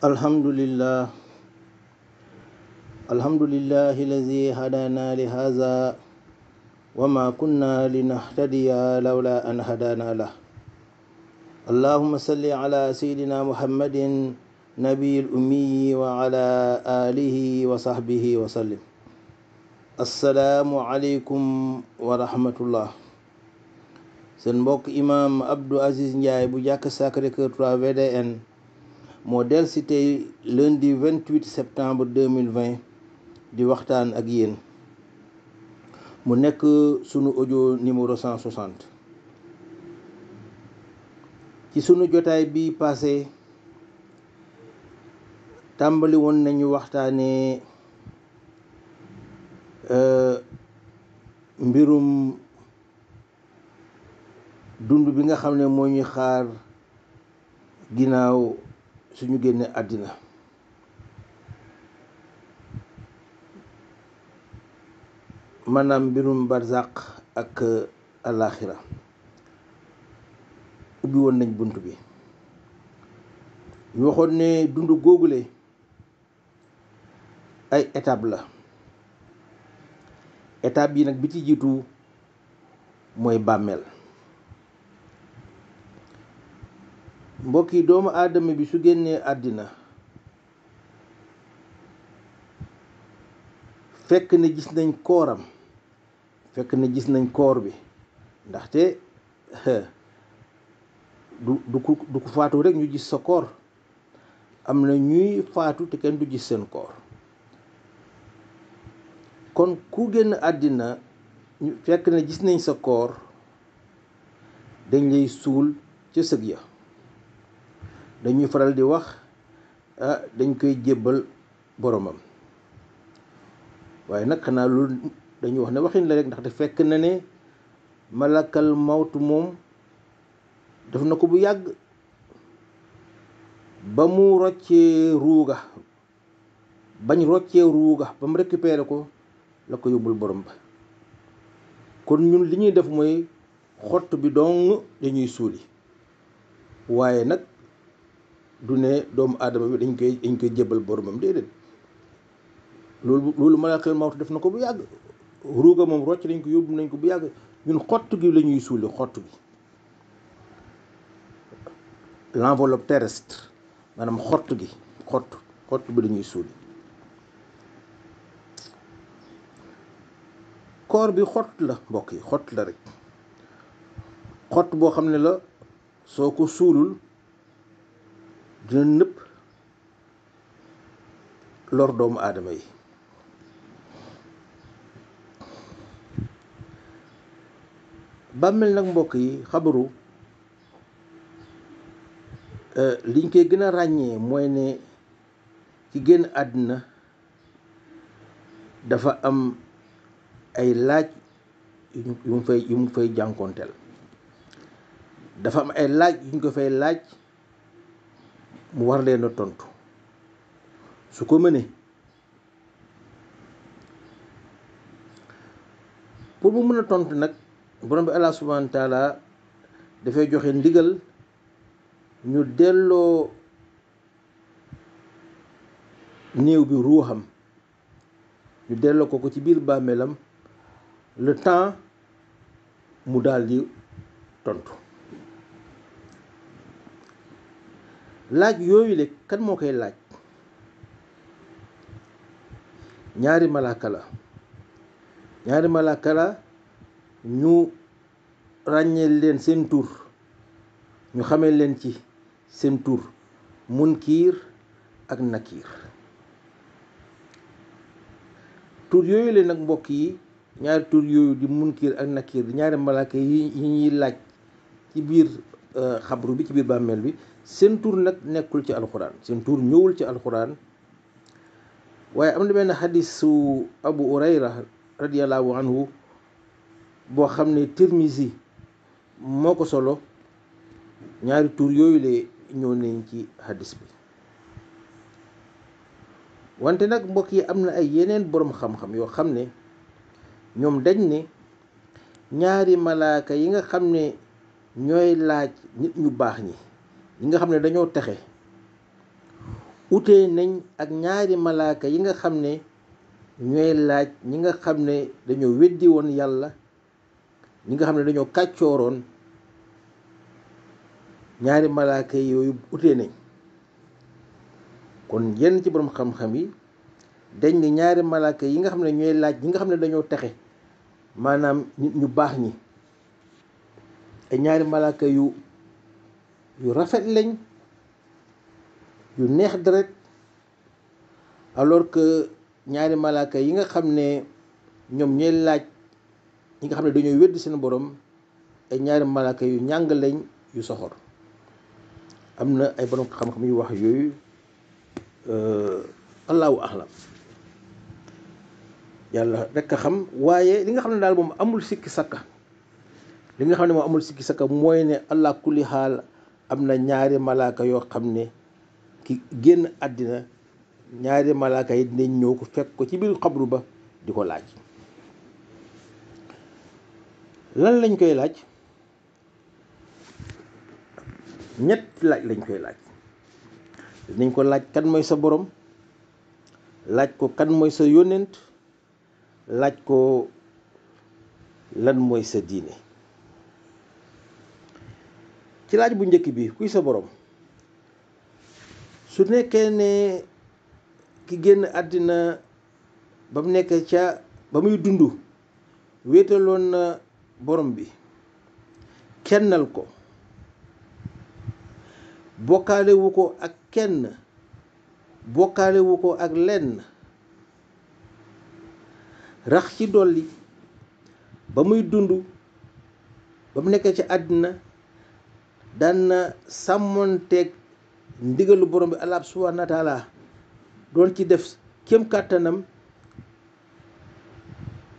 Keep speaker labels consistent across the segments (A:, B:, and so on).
A: الحمد لله الحمد لله الذي هدانا لهذا وما كنا لنهتدي لولا أن هدانا له اللهم صل على سيدنا محمد نبي الأمي وعلى آله وصحبه وسلم السلام عليكم ورحمة الله seen إمام عبد abdou aziz ndiaye bu jàkk sacré cœur 3 vdn moo del si tey lundi 28 septembre 2020 di waxtaan ak yéen mu nekk sunu ojo numéro 160 ci sunu jotaay bi passé tàmbali woon nañu waxtaanee euh, mbirum dund bi nga xam ne moo ñuy xaar ginnaaw suñu génnee àddina maanaam mbirum barzaq ak alaaxira euh, ubbi woon nañ bunt bi ñu waxoon ne dund googule ay étape la étape yi nag bi ci jiitu mooy bàmmeel mbokk yi doomu aadama bi su génnee àddina fekk na gis nañ kooram fekk na gis nañ koor bi ndaxte du du ku faatu rek ñu gis sa koor am na ñuy faatu te kenn du gis seen koor kon ku génn àddina fekk na gis nañ sa koor dañ lay suul ca sëg ya dañuy faral di wax ah, dañ koy jébbal boromam waaye nag xanaa loolu dañuy wax ne waxin la rek ndax te fekk na ne malakal mawtu moom def na ko bu yàgg ba mu roccee ruuga bañ roccee ruuga ba mu rekk récupéré ko la ko yóbbul borom ba kon ñun li ñuy def mooy xott bi dong dañuy suuli waaye nag du ne doomu aadama bi dañ koy dañ koy jébbal boromam déedéet loolu loolu ma mawtu def na ko bu yàgg ruuga moom rocc nañ ko yóbbu nañ ko bu yàgg ñun xott gi la ñuy suuli xott gi l'enveloppe terrestre maanaam xott gi xott xott bi la ñuy suuli koor bi xott la mbokk yi xott la rek xott boo xam ne la soo ko suulul dina nëpp lor doomu aadama yi bàmmeel nag mbokk yi xabaru euh, liñ koy gën a ràññee mooy ne ci génn àddina dafa am ay laaj yu mu fay yu mu fay jànkoonteel dafa am ay laaj yu ñu ko fay laaj mu war leen tontu su ko mënee pour mu mën a tontu nag borom bi allah subhanahu wa dafay joxe ndigal ñu delloo néew bi ruuxam ñu delloo ko ko ci biir bàmmeelam le temps mu daldi tontu. laaj yooyu le kan moo koy laaj ñaari malaaka la ñaari malaaka ñu ràññeel leen seen tur ñu xamee leen ci seen tur munkiir ak nakiir tur yooyu nag mbokk yi ñaari tur yooyu di munkiir ak nakiir di ñaari malaaka yi ñuy laaj ci biir Euh, xabru bi ci biir bàmmeel bi seen tur nag nekkul ci alxuraan seen tur ñëwul ci alxuraan waaye am na benn xadisu abu urayra radiallahu anhu boo xam ne tirmisi moo ko solo ñaari tuur yooyu lee ñëw nañ ci xadis bi wante nag mbokk yi am na ay yeneen boroom xam-xam yoo xam ne ñoom dañ ne ñaari malaaka yi nga xam ne ñooy laaj nit ñu baax ñi ñi nga xam ne dañoo texe wute nañ ak ñaari malaaka yi nga xam ne ñooy laaj ñi nga xam ne dañoo weddi yàlla ñi nga xam ne dañoo kàccooroon ñaari malaaka yooyu utee nañ kon yenn ci boroom xam-xam yi dañ ne ñaari malaaka yi nga xam ne ñooy laaj ñi nga xam ne dañoo texe maanaam nit ñu baax ñi te ñaari malaaka yu yu rafet lañ yu neex deret alors que ñaari malaaka yi nga xam ne ñoom ñooy laaj ñi nga xam ne dañooy wedd seen borom ay ñaari malaaka yu ñàng lañ yu soxor am na ay borom xam-xam yu wax yooyu euh, allahu ahlam yàlla rekk a xam waaye li nga xam ne daal moom amul sikki sakka li nga xam ne moo amul sikki saka mooy ne allah kulli xaal am na ñaari malaaka yoo xam ne ki génn àddina ñaari malaaka yi dinañ ñëw ko fekk ko ci biir xabru ba di ko laaj lan lañ koy laaj ñett lañ koy laaj dañ ko laaj kan mooy sa borom laaj ko kan mooy sa yónnent laaj ko lan mooy sa diine ci laaj bu njëkk bi kuy sa borom su nekkee ne ki génn àddina ba mu nekk ca ba muy dund wéetaloon na borom bi kennal ko bokkaalewu ko ak kenn bokkaalewu ko ak lenn rax ci dolli ba muy dund ba mu nekk ci àddina daan na sàmmonteeg ndigalu borom bi Allah subhanahu wa taala doon ci def kem kàttanam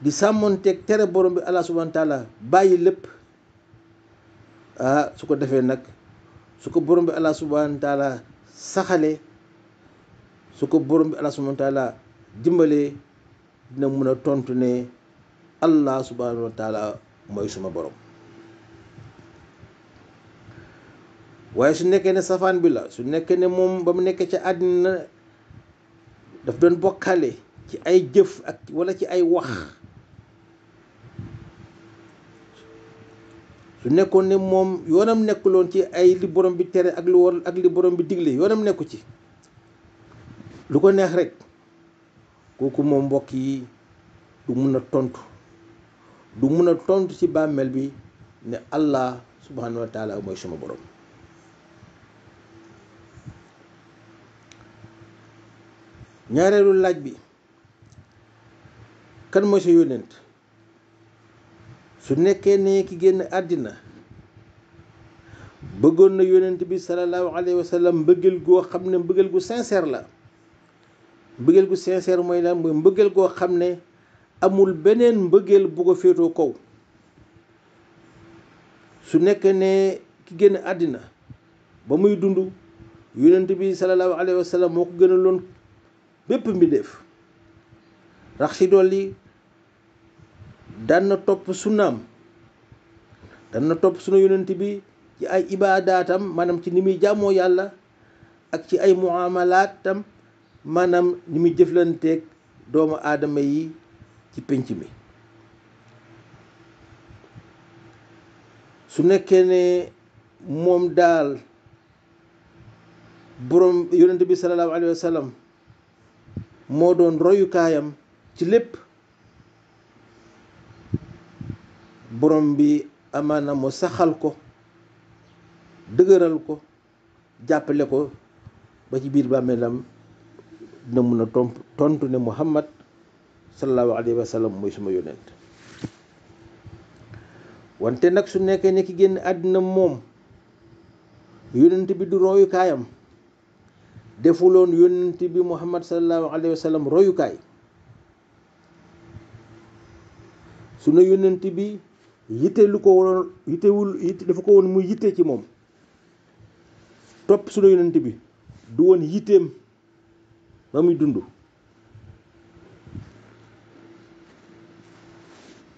A: di sàmmonteeg tere borom bi Allah subhanahu bàyyi lépp ah su ko defee nag su ko borom bi Allah subhanahu wa saxalee su ko borom bi Allah subhanahu wa dimbalee dina mun a tontu ne Allah subhanahu mooy suma borom. waaye su nekkee ne safaan bi la su nekkee ne moom ba mu nekkee ca àddina daf doon bokkale ci ay jëf ak walla ci ay wax su nekkoon ne moom yoonam nekkuloon ci ay li borom bi tere ak lu war ak li borom bi digle yoonam nekku ci lu ko neex rek kooku moom mbokk yi du mun a tontu du mun a tontu ci bàmmeel bi ne allah subhanahu wa taala mooy suma borom ñaareelu laaj bi kan mooy sa su nekkee ne ki génn àddina bëggoon na yónent bi sallallahu alayhi wa sallam mbëggeel goo xam ne mbëggeel gu sincère la mbëggeel gu sincère mooy lan mooy mbëggeel goo xam ne amul beneen mbëggeel bu ko féetoo kaw su nekkee ne ki génn àddina ba muy dund yónent bi sallallahu alayhi wa sallam moo ko gënaloon bépp mbindéef rax ci dolli daan na topp sunaam daan na topp sunu yonent bi ci ay ibaadaatam maanaam ci ni muy jàmmoo yàlla ak ci ay muamalaatam maanaam ni muy jëflanteek doomu aadama yi ci pénc mi su nekkee ne moom daal boroom yonent bi sallallahu alayhi wa sallam moo doon royukaayam ci lépp borom bi amaana mu saxal ko dëgëral ko jàppale ko ba ci biir bàmmeelam dina mun a tomp tontu ne muhammad sallallahu alayhi wa sallam mooy suma yonent wante nag su nekkee ne ki génn àddina moom yonent bi du royukaayam defuloon yonent bi muhammad sallallahu alayhi wa sallam royukaay sunu yonent bi yitte lu ko won yittewul yitte dafa ko woon mu yitte ci moom topp sunu yonent bi du woon yitteem ba muy dund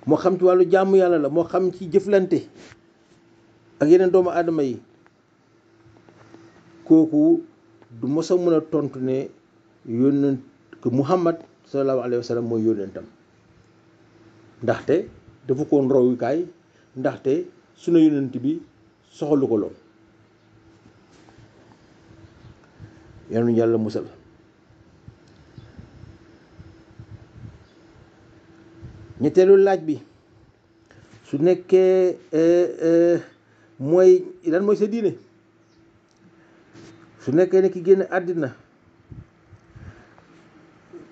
A: moo xam ci wàllu jàmm yàlla la moo xam ci jëflante ak yeneen doomu aadama yi kooku du mos a mën a tontu ne yónnent que Muhammad sallallahu alayhi wa sallam mooy yónnentam ndaxte dafa koo royukaay ndaxte sunu yónnent bi soxalu ko lool yal nañu yàlla musal ñetteelu laaj bi su nekkee eh, eh, mooy lan mooy sa diine su nekkee ne ki génn àddina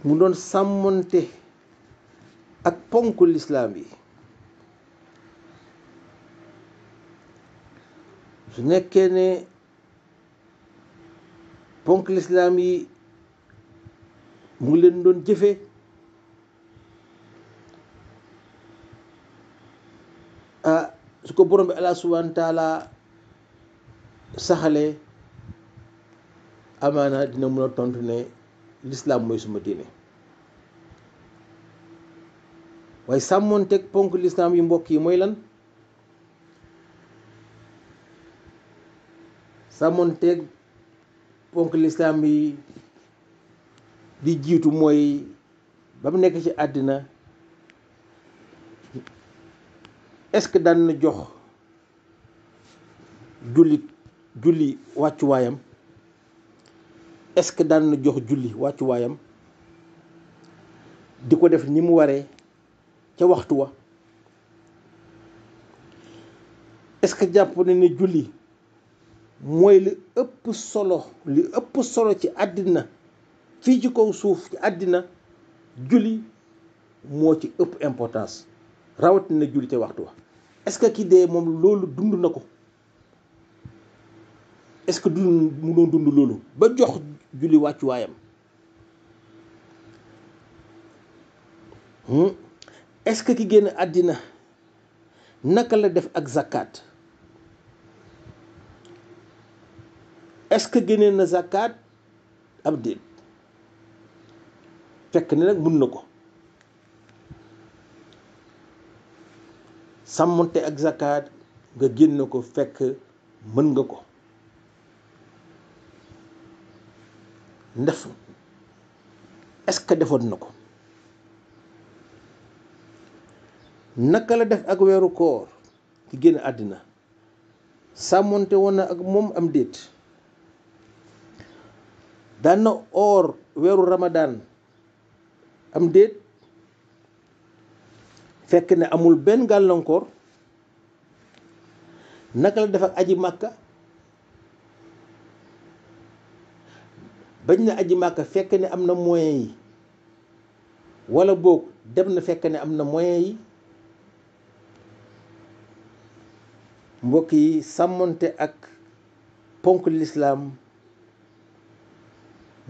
A: mu doon sàmmonte ak ponk lislaam yi su nekkee ne ponk lislaam yi mu ngi leen doon jëfe ah su ko borom bi allah subhanahu wa saxalee amaana dina mën a tontu ne lislaam mooy suma diine waaye sàmmoonteeg ponk lislaam yu mbokk yi mooy lan sàmmoonteeg ponk lislaam yi di jiitu mooy ba mu nekk ci àddina est-ce que daan jox jullit julli wàccuwaayam est-ce que daan na jox julli wàccuwaayam di ko def ni mu waree ca waxtu wa est-ce que jàpp na ne julli mooy li ëpp solo li ëpp solo ci àddina fii ci kaw suuf ci àddina julli moo ci ëpp importance rawatina julli ca waxtu wa est-ce que ki dee moom loolu dund na ko est-ce que dund mu doon dund loolu ba jox julli wàccuwaayam hmm? est-ce que ki génn àddina naka la def ak zakat est-ce que génnee na zakat ab déet fekk na nag mun na ko sàmmonte ak zakat nga génn ko fekk mën nga ko ndef est-ce que defoon na ko naka la def ak weeru koor ki génn àddina sàmmoonte woon na ak moom am déet daan na oor weeru ramadaan am déet fekk ne amul benn gàllankoor naka la def ak aji màkka bañ na aji màkka fekk ne am na moyen yi wala boog dem na fekk ne am na moyen yi mbokk yi sàmmonte ak ponk lislaam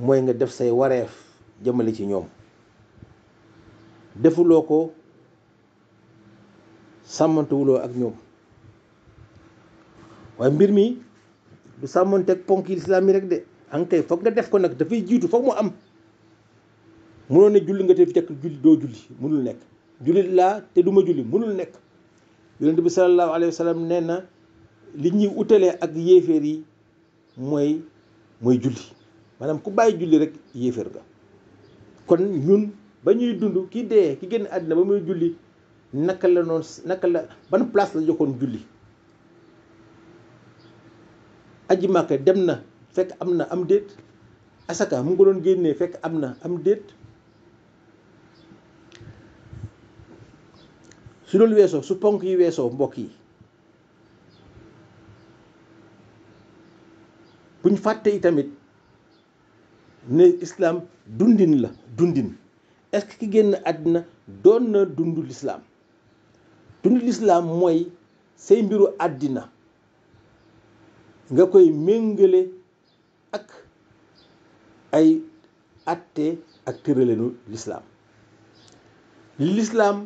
A: mooy nga def say wareef jëmale ci ñoom defuloo ko sàmmantewuloo ak ñoom waaye mbir mi du sàmmonte ak ponk lislaam yi rek de ankay foog nga def ko nag dafay jiitu foog mu am mënoon ne julli nga te fekk julli doo julli mënul nekk julli laa te duma julli mënul nekk yonent bi sallallahu alayhi wa sallam nee na li ñuy utalee ak yéeféer yi mooy mooy julli maanaam ku bàyyi julli rek yéeféer ga kon ñun ba ñuy dund ki dee ki génn àddina ba muy julli naka la noonu naka la ban place la joxoon julli aji màkka dem na fekk am na am déet asaka mu ngi ko doon génnee fekk am na am déet su loolu weesoo su ponk yi weesoo mbokk yi buñ fàtte yi tamit ne islaam dundin la dundin est-ce ki génn àddina doon na dund lislaam dund lislaam mooy say mbiru àddina nga koy méngale ak ay atte ak tëralinu lislaam li lislaam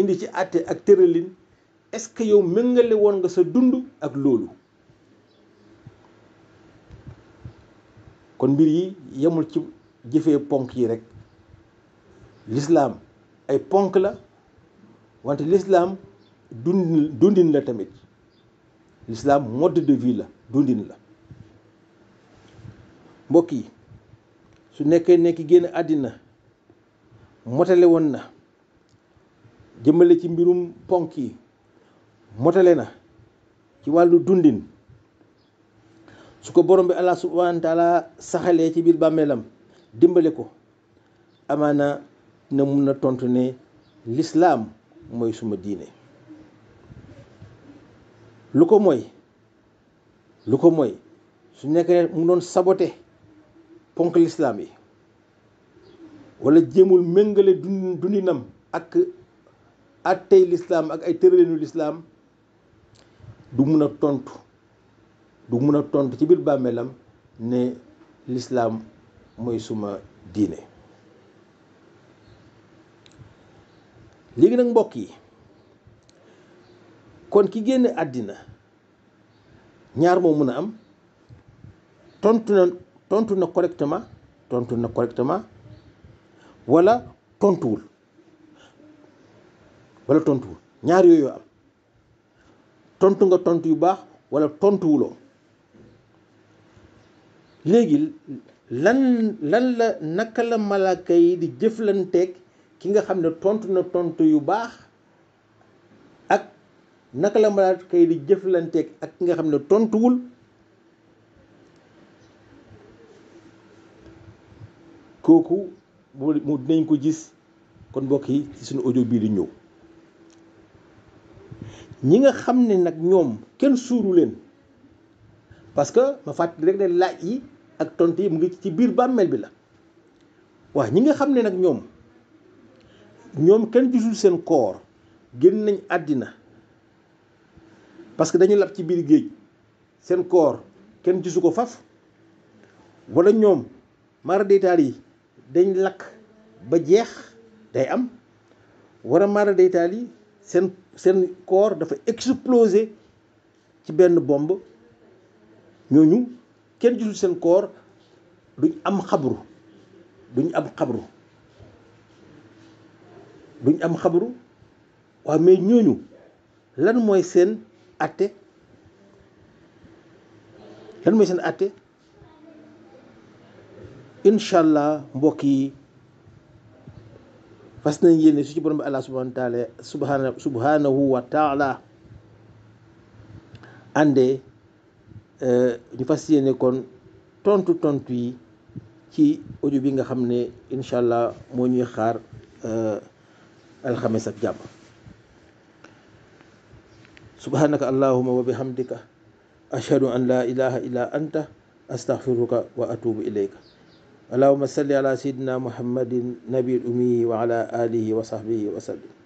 A: indi ci atte ak tëralin est-ce que yow méngale woon nga sa dund ak loolu kon mbir yi yemul ci jëfee ponk yi rek lislaam ay ponk la wante lislaam dundin la tamit lislaam mode de vie la dundin la mbokk yi su nekkee nekk génn àddina motale woon na jëmbale ci mbirum ponk yi motale na ci wàllu dundin su ko borom bi allah subhanahu wa taala saxalee ci biir bàmmeelam dimbale ko amaana na mun na tontu ne lislaam mooy suma diine lu ko moy lu ko moy su nekkee mu doon sabote ponk lislaam yi wala jéemul méngale dund dundinam ak attey lislaam ak ay tëralinu lislaam du mun tontu du mun a tontu ci biir bàmmeelam ne lislaam mooy suma diine léegi nag mbokk yi kon ki génne àddina ñaar moo mun a am tontu na tontu na correctement tontu na correctement wala tontuwul wala tontuwul ñaar yooyu am tontu nga tontu yu baax wala tontuwuloo léegi lan lan la naka la malaaka di jëflanteeg ki nga xam ne tontu na tontu yu baax ak naka la malaaka yi di jëflanteeg ak ki nga xam ne tontuwul kooku mu dinañ ko gis kon mbokk yi ci suñu audio bii di ñëw ñi nga xam ne nag ñoom kenn suuru leen parce que ma fàttali rek ne laaj yi ak tont mu ngi ci biir bàmmeel bi la waaw ñi nga xam ne nag ñoom ñoom kenn gisul seen koor génn nañ àddina parce que dañu lab ci biir géej seen koor kenn gisu ko faf wala ñoom mara détaal yi dañ lakk ba jeex day am war a maara day taal seen seen corps dafa explosé ci benn bomb ñooñu kenn gisul seen corps duñ am xabru duñ am xabru duñ am xabru waaw mais ñooñu lan mooy seen atte lan mooy seen atte incha allah mbokk yi fas nañ yéene su ci borom bi allah subhanahu wa taala subhana euh, ñu fas yéene kon tontu tontu yi ci ojo bi nga xam ne incha allah moo ñuy xaar euh, alxames ak jàmm subhanaka allahuma wa bihamdika ashhadu an la ilaha illa anta astaghfiruka wa atubu ilayka اللهم صل على سيدنا محمد النبي الأمي وعلى آله وصحبه وسلم